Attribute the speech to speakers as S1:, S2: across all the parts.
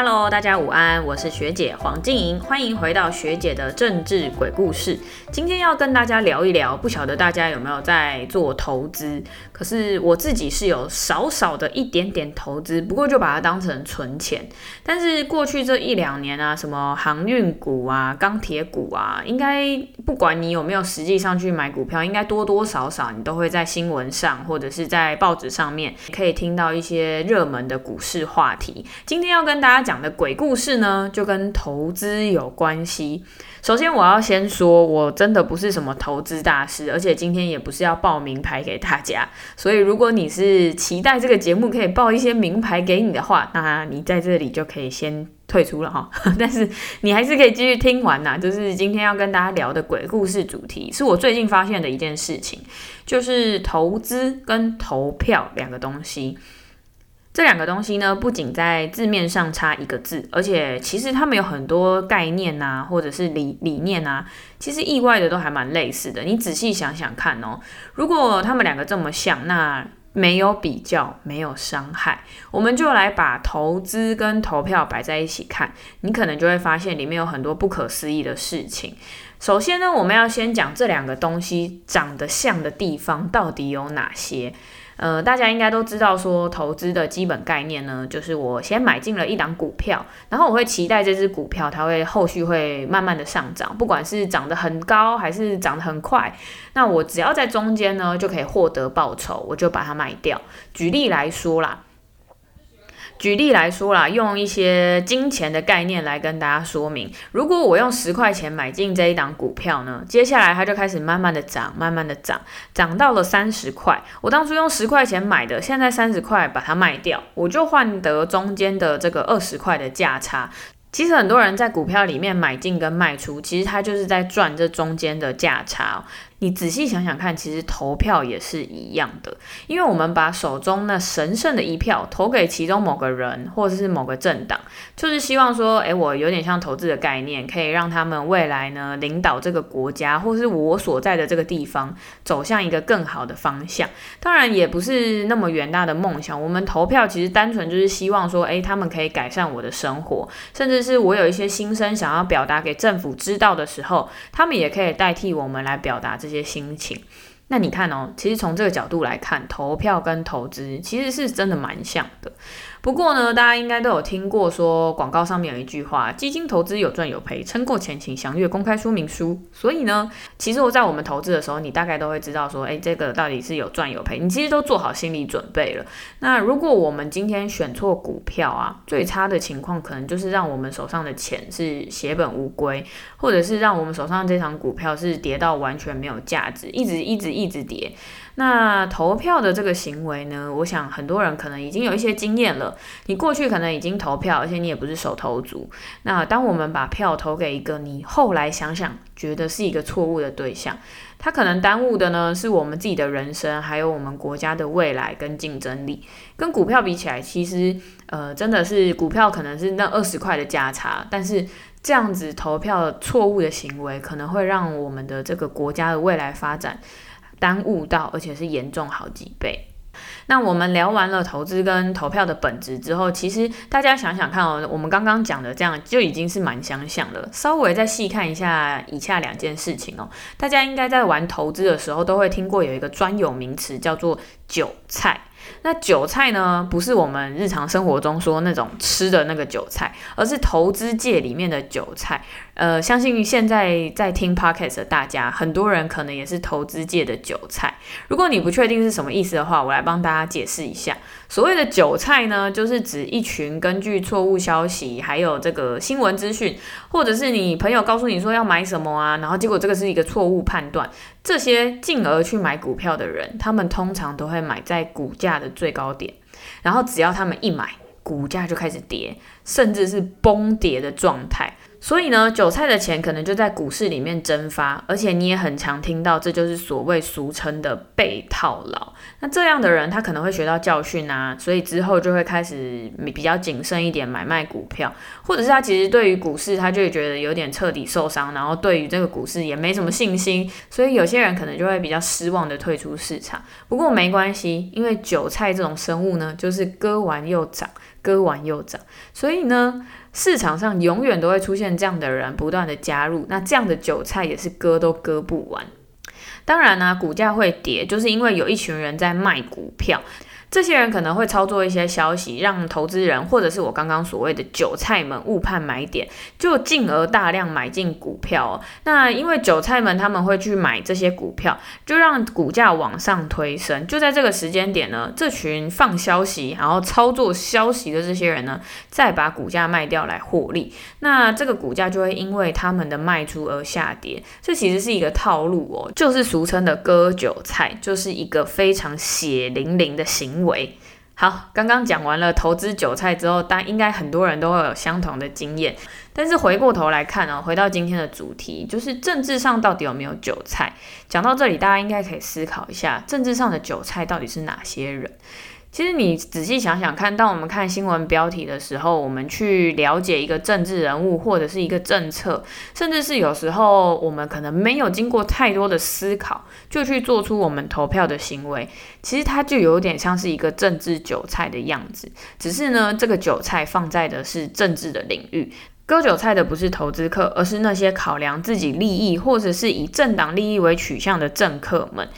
S1: Hello，大家午安，我是學姐黃靜瑩，歡迎回到學姐的政治鬼故事。今天要跟大家聊一聊，不曉得大家有沒有在做投資？可是我自己是有少少的一點點投資，不過就把它當成存錢。但是過去這一兩年啊，什麼航運股啊、鋼鐵股啊，應該不管你有沒有實際上去買股票，應該多多少少你都會在新聞上或者是在報紙上面可以聽到一些熱門的股市話題。今天要跟大家，講的鬼故事呢，就跟投資有關係。首先，我要先說，我真的不是什麼投資大師，而且今天也不是要報名牌給大家。所以，如果你是期待這個節目可以報一些名牌給你的話，那你在這裡就可以先退出了哈。但是，你還是可以繼續聽完吶、啊。就是今天要跟大家聊的鬼故事主題，是我最近發現的一件事情，就是投資跟投票兩個東西。這兩個東西呢，不僅在字面上差一個字，而且其實他們有很多概念啊，或者是理理念啊，其實意外的都還蠻類似的。你仔細想想看哦。如果他們兩個這麼像，那沒有比較，沒有傷害，我們就來把投資跟投票擺在一起看，你可能就會發現裡面有很多不可思議的事情。首先呢，我們要先講這兩個東西長得像的地方到底有哪些。呃，大家應該都知道，說投資的基本概念呢，就是我先買進了一檔股票，然後我會期待這隻股票，它會後續會慢慢的上漲，不管是漲得很高還是漲得很快，那我只要在中間呢，就可以獲得報酬，我就把它賣掉。舉例來說啦。舉例來說啦，用一些金錢的概念來跟大家說明，如果我用十塊錢買進這一檔股票呢，接下來它就開始慢慢的漲，慢慢的漲，漲到了三十塊，我當初用十塊錢買的，現在三十塊把它賣掉，我就換得中間的這個二十塊的價差。其實很多人在股票裡面買進跟賣出，其實他就是在賺這中間的價差哦。你仔細想想看，其實投票也是一樣的，因為我們把手中那神聖的一票投給其中某個人或者是某個政黨，就是希望說，哎，我有點像投資的概念，可以讓他們未來呢領導這個國家，或是我所在的這個地方走向一個更好的方向。當然，也不是那麼遠大的夢想。我們投票其實單純就是希望說，哎，他們可以改善我的生活，甚至是我有一些心聲想要表達給政府知道的時候，他們也可以代替我們來表達這些。這些心情，那你看哦，其實從這個角度來看，投票跟投資其實是真的蠻像的。不過呢，大家應該都有聽過說，廣告上面有一句話：基金投資有賺有賠，申購前請詳閱公開說明書。所以呢，其實我在我們投資的時候，你大概都會知道說，誒，這個到底是有賺有賠，你其實都做好心理準備了。那如果我們今天選錯股票啊，最差的情況可能就是讓我們手上的錢是血本無歸，或者是讓我們手上這場股票是跌到完全沒有價值，一直一直一直跌。那投票的這個行為呢，我想很多人可能已經有一些經驗了。你過去可能已經投票，而且你也不是首投族。那當我們把票投給一個你後來想想覺得是一個錯誤的對象，他可能耽誤的呢，是我們自己的人生，還有我們國家的未來跟競爭力。跟股票比起來，其實呃，真的是股票可能是那二十塊的價差，但是這樣子投票錯誤的行為，可能會讓我們的這個國家的未來發展。耽誤到，而且是嚴重好幾倍。那我們聊完了投資跟投票的本質之後，其實大家想想看哦，我們剛剛講的這樣就已經是蠻相像的。稍微再細看一下以下兩件事情哦，大家應該在玩投資的時候都會聽過有一個專有名詞叫做“韭菜”。那韭菜呢，不是我們日常生活中說那種吃的那個韭菜，而是投資界裡面的韭菜。呃，相信現在在聽 podcast 的大家，很多人可能也是投資界的韭菜。如果你不確定是什麼意思的話，我來幫大家解釋一下。所謂的韭菜呢，就是指一群根據錯誤消息，還有這個新聞資訊，或者是你朋友告訴你說要買什麼啊，然後結果這個是一個錯誤判斷，這些進而去買股票的人，他們通常都會買在股價的最高點，然後只要他們一買，股價就開始跌，甚至是崩跌的狀態。所以呢，韭菜的錢可能就在股市裡面蒸發，而且你也很常聽到，這就是所謂俗稱的被套牢。那這樣的人，他可能會學到教訓啊，所以之後就會開始比較謹慎一點買賣股票，或者是他其實對於股市，他就會覺得有點徹底受傷，然後對於這個股市也沒什麼信心，所以有些人可能就會比較失望的退出市場。不過沒關係，因為韭菜這種生物呢，就是割完又長。割完又漲，所以呢，市場上永遠都會出現這樣的人不斷的加入，那這樣的韭菜也是割都割不完。當然呢、啊，股價會跌，就是因為有一群人在賣股票。這些人可能會操作一些消息，讓投資人或者是我剛剛所謂的韭菜們誤判買點，就進而大量買進股票。哦。那因為韭菜們他們會去買這些股票，就讓股價往上推升。就在這個時間點呢，這群放消息然後操作消息的這些人呢，再把股價賣掉來獲利。那這個股價就會因為他們的賣出而下跌。這其實是一個套路哦，就是俗稱的割韭菜，就是一個非常血淋淋的行為好，剛剛講完了投資韭菜之後，但應該很多人都會有相同的經驗。但是回過頭來看哦，回到今天的主題，就是政治上到底有沒有韭菜？講到這裡，大家應該可以思考一下，政治上的韭菜到底是哪些人？其實你仔細想想看，當我們看新聞標題的時候，我們去了解一個政治人物或者是一個政策，甚至是有時候我們可能沒有經過太多的思考，就去做出我們投票的行為，其實它就有點像是一個政治韭菜的樣子。只是呢，這個韭菜放在的是政治的領域，割韭菜的不是投資客，而是那些考量自己利益或者是以政黨利益為取向的政客們。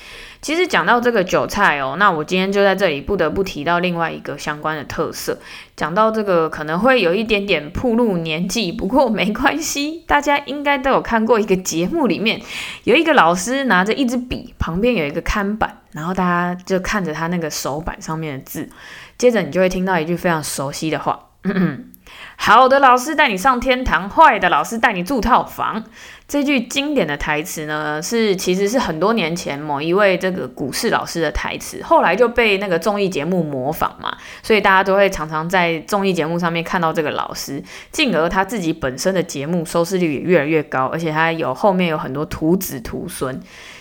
S1: 其實講到這個韭菜哦，那我今天就在這裡不得不提到另外一個相關的特色。講到這個可能會有一點點暴露年紀，不過沒關係，大家應該都有看過一個節目，裡面有一個老師拿着一支筆，旁邊有一個看板，然後大家就看着他那個手板上面的字，接着你就會聽到一句非常熟悉的話。嗯好的老師帶你上天堂，壞的老師帶你住套房。這句經典的台詞呢，是其實是很多年前某一位這個股市老師的台詞，後來就被那個綜藝節目模仿嘛，所以大家都會常常在綜藝節目上面看到這個老師，進而他自己本身的節目收視率也越來越高，而且他有後面有很多徒子徒孫。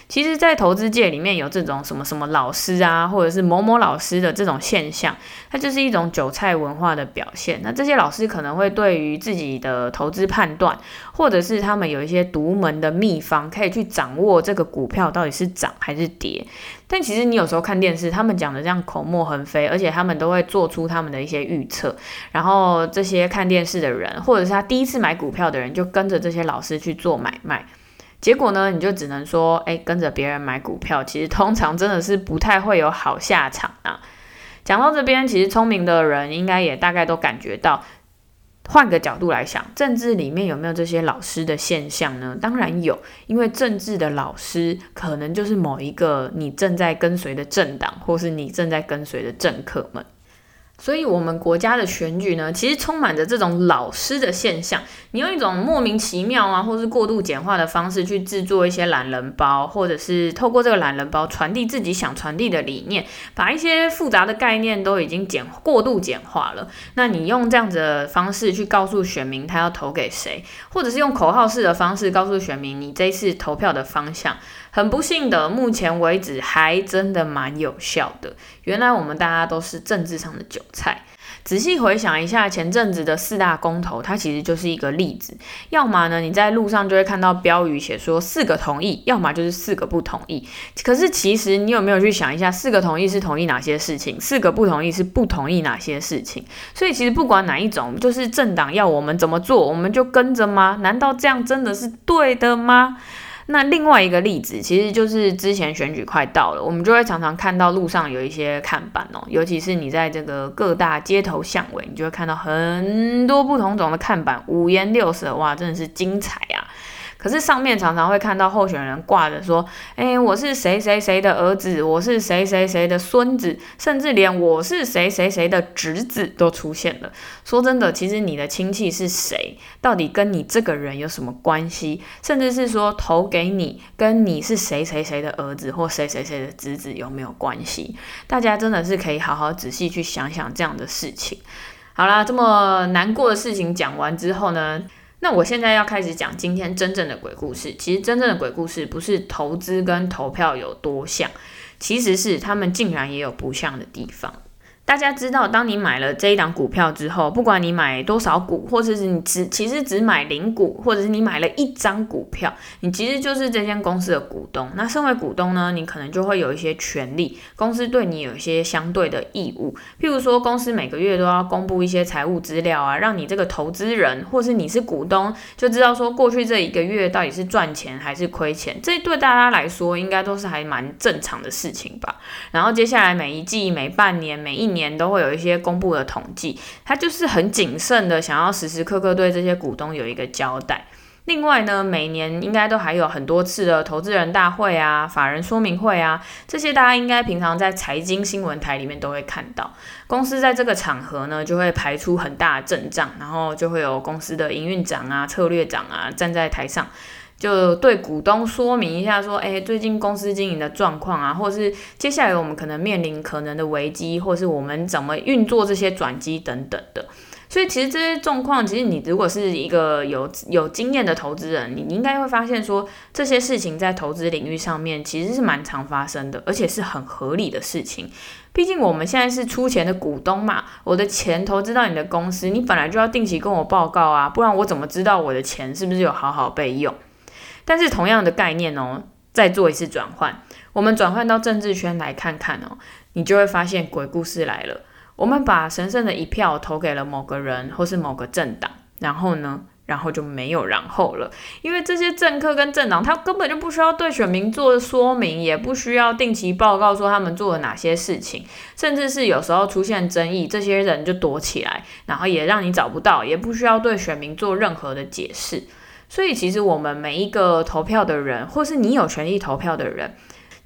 S1: 其實，在投資界裡面有這種什麼什麼老師啊，或者是某某老師的這種現象，它就是一種韭菜文化的表現。那這些老師可能會對於自己的投資判斷，或者是他們有一些獨門的秘方，可以去掌握這個股票到底是漲還是跌。但其實你有時候看電視，他們講的這樣口沫橫飛，而且他們都會做出他們的一些預測。然後這些看電視的人，或者是他第一次買股票的人，就跟着這些老師去做買賣。結果呢，你就只能說，哎，跟着別人買股票，其實通常真的是不太會有好下場啊。講到這邊，其實聰明的人應該也大概都感覺到，換個角度來想，政治裡面有沒有這些老師的現象呢？當然有，因為政治的老師可能就是某一個你正在跟隨的政黨，或是你正在跟隨的政客們。所以，我們國家的選舉呢，其實充滿着這種老師的現象。你用一種莫名其妙啊，或是過度簡化的方式去製作一些懶人包，或者是透過這個懶人包傳遞自己想傳遞的理念，把一些複雜的概念都已經簡過度簡化了。那你用這樣子的方式去告訴選民他要投給誰，或者是用口號式的方式告訴選民你這次投票的方向，很不幸的，目前為止還真的蠻有效的。原來我們大家都是政治上的酒菜。仔細回想一下前陣子的四大公投，它其實就是一個例子。要麼呢，你在路上就會看到標語寫說四個同意，要麼就是四個不同意。可是其實你有沒有去想一下，四個同意是同意哪些事情，四個不同意是不同意哪些事情？所以其實不管哪一種，就是政黨要我們怎麼做，我們就跟着嗎？難道這樣真的是對的嗎？那另外一個例子，其實就是之前選舉快到了，我們就會常常看到路上有一些看板哦，尤其是你在這個各大街頭巷尾，你就會看到很多不同種的看板，五顏六色，哇，真的是精彩啊！可是上面常常會看到候選人掛着說：“誒，我是誰誰誰的兒子，我是誰誰誰的孫子，甚至連我是誰誰誰的侄子都出現了。”說真的，其實你的親戚是誰，到底跟你這個人有什麼關係？甚至是說投給你跟你是誰誰誰的兒子或誰誰誰的侄子有沒有關係？大家真的是可以好好仔細去想想這樣的事情。好啦，這麼難過的事情講完之後呢，那我現在要開始講今天真正的鬼故事。其實真正的鬼故事不是投資跟投票有多像，其實是他們竟然也有不像的地方。大家知道，當你買了這一檔股票之後，不管你買多少股，或者是你只其實只買零股，或者是你買了一張股票，你其實就是這間公司的股東。那身為股東呢，你可能就會有一些權利，公司對你有一些相對的義務。譬如說，公司每個月都要公布一些財務資料啊，讓你這個投資人，或是你是股東，就知道說過去這一個月到底是賺錢還是虧錢。這對大家來說，應該都是還蠻正常的事情吧。然後接下來每一季、每半年、每一年。年都會有一些公布的統計，他就是很謹慎的，想要時時刻刻對這些股東有一個交代。另外呢，每年應該都還有很多次的投資人大會啊、法人說明會啊，這些大家應該平常在財經新聞台裡面都會看到。公司在這個場合呢，就會排出很大的陣仗，然後就會有公司的營運長啊、策略長啊站在台上，就對股東說明一下，說，誒、哎，最近公司經營的狀況啊，或是接下來我們可能面臨可能的危機，或是我們怎麼運作這些轉機等等的。所以其實這些狀況，其實你如果是一個有有經驗的投資人，你應該會發現說，這些事情在投資領域上面其實是蠻常發生的，而且是很合理的事情。畢竟我們現在是出錢的股東嘛，我的錢投資到你的公司，你本來就要定期跟我報告啊，不然我怎麼知道我的錢是不是有好好被用？但是同樣的概念哦，再做一次轉換，我們轉換到政治圈來看看哦，你就會發現鬼故事來了。我們把神聖的一票投給了某個人或是某個政黨，然後呢，然後就沒有然後了。因為這些政客跟政黨，他根本就不需要對選民做說明，也不需要定期報告說他們做了哪些事情，甚至是有時候出現爭議，這些人就躲起來，然後也讓你找不到，也不需要對選民做任何的解釋。所以，其實我們每一個投票的人，或是你有權利投票的人，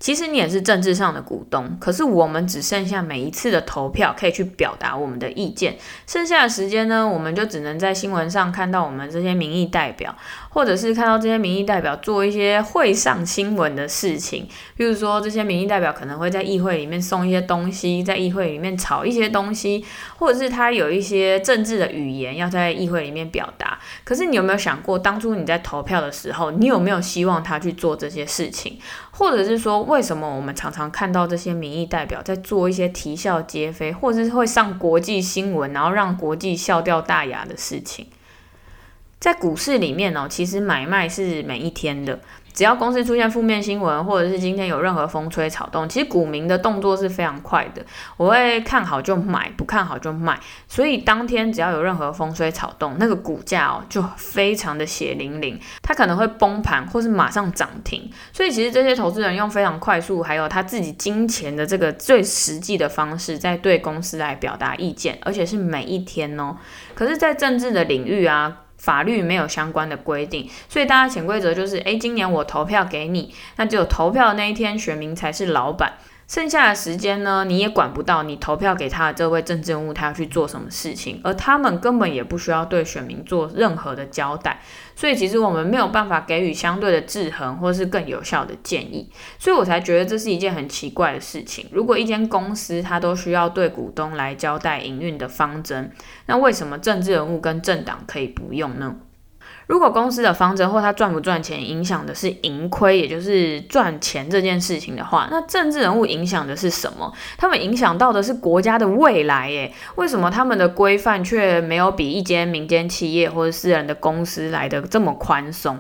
S1: 其實你也是政治上的股東，可是我們只剩下每一次的投票可以去表達我們的意見，剩下的時間呢，我們就只能在新聞上看到我們這些民意代表，或者是看到這些民意代表做一些會上新聞的事情，比如說這些民意代表可能會在議會裡面送一些東西，在議會裡面炒一些東西，或者是他有一些政治的語言要在議會裡面表達。可是你有沒有想過，當初你在投票的時候，你有沒有希望他去做這些事情？或者是說，為什麼我們常常看到這些民意代表在做一些啼笑皆非，或者是會上國際新聞，然後讓國際笑掉大牙的事情？在股市裡面呢、哦，其實買賣是每一天的。只要公司出現負面新聞，或者是今天有任何風吹草動，其實股民的動作是非常快的。我會看好就買，不看好就賣。所以當天只要有任何風吹草動，那個股價哦就非常的血淋淋，它可能會崩盤，或是馬上漲停。所以其實這些投資人用非常快速，還有他自己金錢的這個最實際的方式，在對公司來表達意見，而且是每一天哦。可是，在政治的領域啊。法律沒有相關的規定，所以大家潛規則就是：哎，今年我投票給你，那只有投票的那一天，選民才是老板。剩下的時間呢，你也管不到，你投票給他的這位政治人物，他要去做什麼事情，而他們根本也不需要對選民做任何的交代，所以其實我們沒有辦法給予相對的制衡，或是更有效的建議，所以我才覺得這是一件很奇怪的事情。如果一間公司它都需要對股東來交代營運的方針，那為什麼政治人物跟政黨可以不用呢？如果公司的方針或它賺不賺錢，影響的是盈虧，也就是賺錢這件事情的話，那政治人物影響的是什麼？他們影響到的是國家的未來，哎，為什麼他們的規範卻沒有比一間民間企業或者私人的公司來得這麼寬鬆？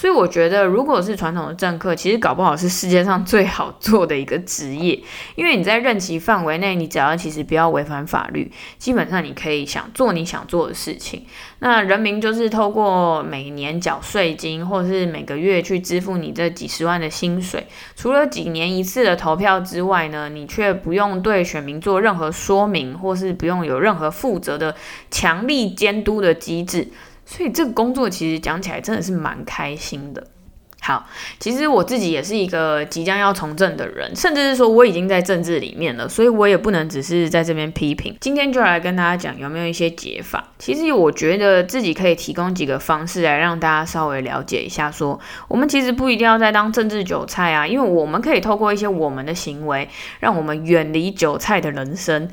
S1: 所以我覺得，如果是傳統的政客，其實搞不好是世界上最好做的一個職業，因為你在任期範圍內，你只要其實不要違反法律，基本上你可以想做你想做的事情。那人民就是透過每年繳稅金，或是每個月去支付你這幾十萬的薪水，除了幾年一次的投票之外呢，你卻不用對選民做任何說明，或是不用有任何負責的強力監督的機制。所以這個工作其實講起來真的是蠻開心的。好，其實我自己也是一個即將要從政的人，甚至是說我已經在政治裡面了，所以我也不能只是在這邊批評。今天就來跟大家講有沒有一些解法。其實我覺得自己可以提供幾個方式來讓大家稍微了解一下，說我們其實不一定要再當政治韭菜啊，因為我們可以透過一些我們的行為，讓我們遠離韭菜的人生。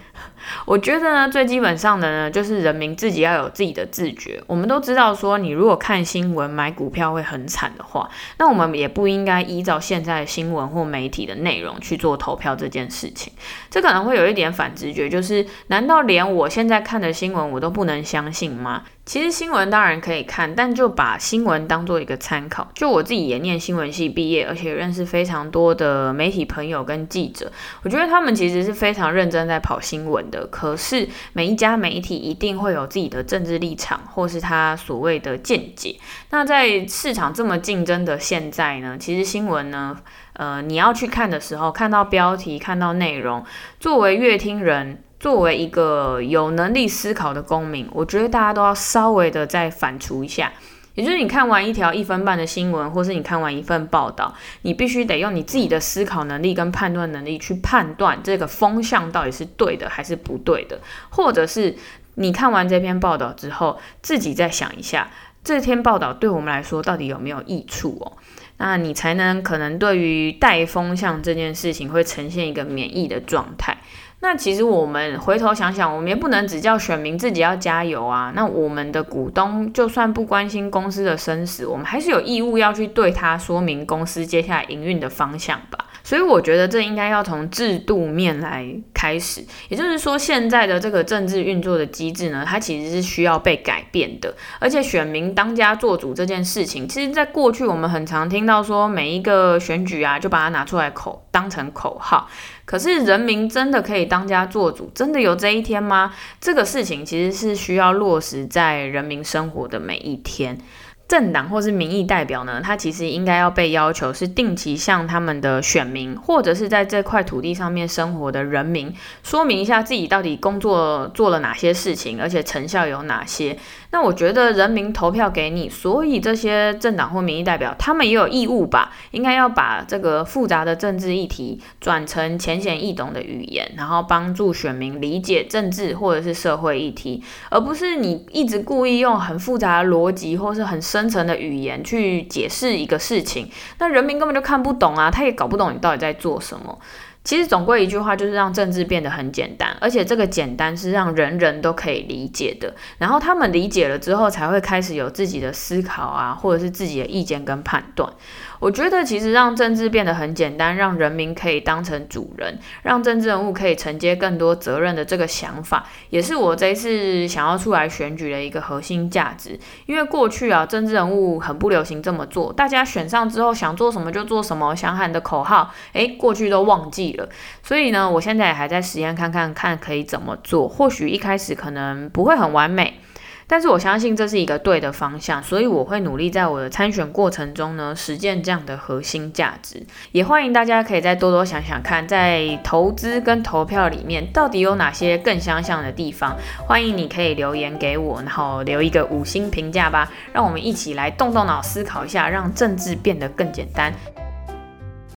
S1: 我覺得呢，最基本上的呢，就是人民自己要有自己的自覺。我們都知道說，你如果看新聞買股票會很慘的話，那我們也不應該依照現在的新聞或媒體的內容去做投票這件事情。這可能會有一點反直覺，就是難道連我現在看的新聞我都不能相信嗎？其實新聞當然可以看，但就把新聞當做一個參考。就我自己也念新聞系畢業，而且認識非常多的媒體朋友跟記者，我覺得他們其實是非常認真在跑新聞的。可是每一家媒體一定會有自己的政治立場，或是他所謂的見解。那在市場這麼競爭的現在呢，其實新聞呢，呃，你要去看的時候，看到標題，看到內容，作為閱聽人。作為一個有能力思考的公民，我覺得大家都要稍微的再反芻一下。也就是你看完一條一分半的新聞，或是你看完一份報道，你必須得用你自己的思考能力跟判斷能力去判斷這個風向到底是對的還是不對的，或者是你看完這篇報道之後，自己再想一下，這篇報道對我們來說到底有沒有益處哦？那你才能可能對於帶風向這件事情會呈現一個免疫的狀態。那其實我們回頭想想，我們也不能只叫選民自己要加油啊。那我們的股東就算不關心公司的生死，我們還是有義務要去對他說明公司接下來營運的方向吧。所以我覺得這應該要從制度面來開始。也就是說，現在的這個政治運作的機制呢，它其實是需要被改變的。而且選民當家做主這件事情，其實在過去我們很常聽到說，每一個選舉啊，就把它拿出來口當成口號。可是人民真的可以當家做主？真的有這一天嗎？這個事情其實是需要落實在人民生活的每一天。政黨或是民意代表呢，他其實應該要被要求是定期向他們的選民，或者是在這塊土地上面生活的人民，說明一下自己到底工作做了哪些事情，而且成效有哪些。那我覺得人民投票給你，所以這些政黨或民意代表他們也有義務吧，應該要把這個複雜的政治議題轉成淺顯易懂的語言，然後幫助選民理解政治或者是社會議題，而不是你一直故意用很複雜的邏輯或是很深層的語言去解釋一個事情，那人民根本就看不懂啊，他也搞不懂你到底在做什麼。其實總歸一句話，就是讓政治變得很簡單，而且這個簡單是讓人人都可以理解的。然後他們理解了之後，才會開始有自己的思考啊，或者是自己的意見跟判斷。我覺得其實讓政治變得很簡單，讓人民可以當成主人，讓政治人物可以承接更多責任的這個想法，也是我這一次想要出來選舉的一個核心價值。因為過去啊，政治人物很不流行這麼做，大家選上之後想做什麼就做什麼，想喊的口號，誒，過去都忘記了。所以呢，我現在還在實驗，看看，看可以怎麼做，或許一開始可能不會很完美。但是我相信這是一個對的方向，所以我會努力在我的參選過程中呢，實踐這樣的核心價值。也歡迎大家可以再多多想想看，在投資跟投票裡面到底有哪些更相像的地方。歡迎你可以留言給我，然後留一個五星評價吧。讓我們一起來動動腦思考一下，讓政治變得更簡單。